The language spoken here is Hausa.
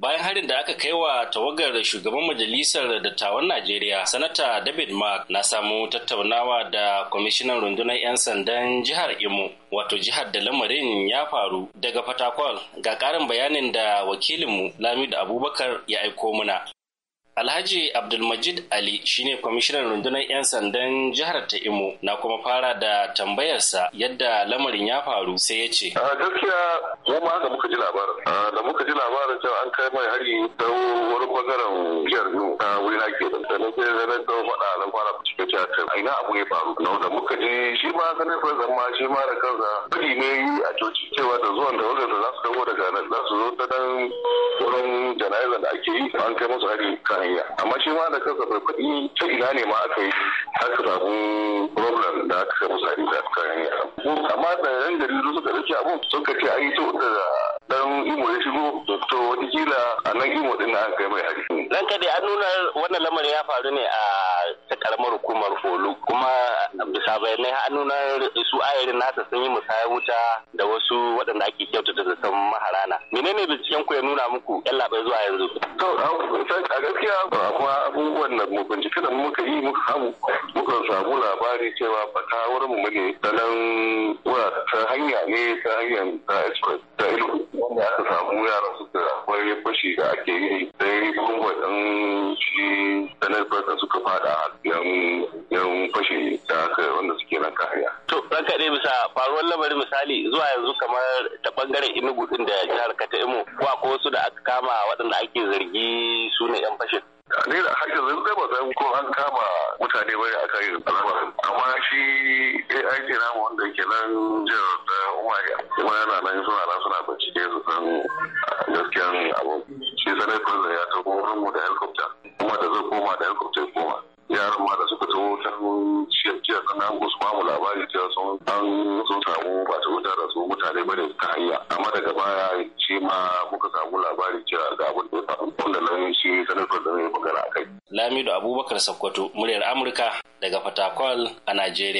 bayan harin da aka kai wa tawagar shugaban majalisar dattawan najeriya sanata david mark na samu tattaunawa da kwamishinan rundunar 'yan sandan jihar imo wato jihar da lamarin ya faru daga fatakwal ga karin bayanin da wakilinmu lamidu abubakar ya aiko muna Alhaji Abdulmajid Ali shine kwamishinan rundunar 'yan sandan jihar ta Imo na kuma fara da tambayarsa yadda lamarin ya faru sai ya ce. A gaskiya mu ma haka muka ji labarin. Da muka ji labarin cewa an kai mai hari ta wani bangaren jihar Imo ta wuri na ke ta sai zanen ta faɗa a fara fara cikin jihar A ina abu ya faru. Da muka ji shi ma sanin fa zama shi ma da kansa. Bari ne a coci cewa da zuwan da wanda za su dawo daga nan za su zo ta dan island ake yi an kai musu hari kan hanya amma shi ma da kansa farfaɗi ta ina ne ma aka yi aka samu problem da aka kai masa hari kan hanya amma da yan jaridu suka rike abun ka ce an yi to da dan imo ya shigo to kila a nan imo din an kai mai hari. Dan kadai an nuna wannan lamarin ya faru ne a ta karamar hukumar folo kuma taimaka ba na hannuna su ayarin nasa sun yi musaya wuta da wasu waɗanda ake kyautata da san maharana menene binciken ku ya nuna muku yan labai zuwa yanzu to a gaskiya kuma abubuwan da mu bincike da muka yi muka samu muka samu labari cewa fata mu ne da nan ta hanya ne ta hanyar ta express ta ilu wanda aka samu yara su da akwai fashi da ake yi sai kuma ɗan shi sanar suka fada a Fashe da aka wanda suke nan kariya. To ranka dai bisa faruwar lamarin misali zuwa yanzu kamar ta bangaren Enugu din da jihar Kataimu ko ko wasu da aka kama waɗanda ake zargi su ne 'yan fashin. Ne da haka zan zai ba zai ko an kama mutane bai aka yi alama. amma shi AIC ke namu wanda ke nan jihar da Umaria kuma yana nan suna nan suna bincike su san gaskiyan abu. Shi sanar ya tafi wurin mu da helikopta. kuma da zai koma da helicopter koma. Yaran ma sun jiya na ba su bamu labari cewa sun an sun samu ba su wuta da su mutane bane ta hanya amma daga baya shi ma muka samu labari cewa ga abin da ya faru wanda nan shi sanatar da zai magana akai. Lamido Abubakar Sokoto muryar Amurka daga Fatakwal a Najeriya.